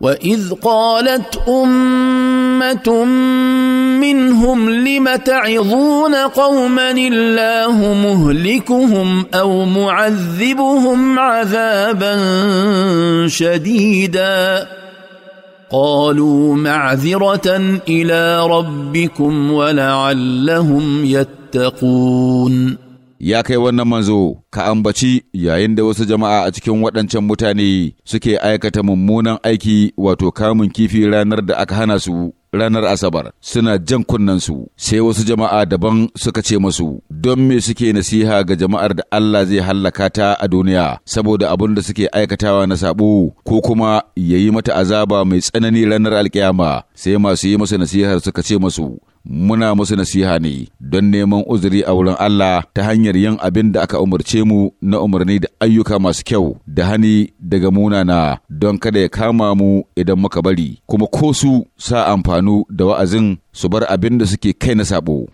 واذ قالت امه منهم لم تعظون قوما الله مهلكهم او معذبهم عذابا شديدا قالوا معذره الى ربكم ولعلهم يتقون ya kai wannan manzo, ka ambaci yayin da wasu jama'a a cikin waɗancan mutane suke aikata mummunan aiki wato kamun kifi ranar da aka hana su ranar Asabar, suna jan kunnensu, sai wasu jama'a daban suka ce masu, don me suke nasiha ga jama'ar da Allah zai hallaka ta a duniya, saboda abin da suke aikatawa na sabo, ko kuma yayi mata azaba mai tsanani ranar alkiyama, sai masu yi masa nasihar suka ce masu, muna musu nasiha ne don neman uzuri a wurin Allah ta hanyar yin abin da aka umarce mu na umarni da ayyuka masu kyau da hani daga munana don kada ya kama mu idan muka bari kuma ko su sa amfanu da wa'azin su bar abin da suke kai na sabo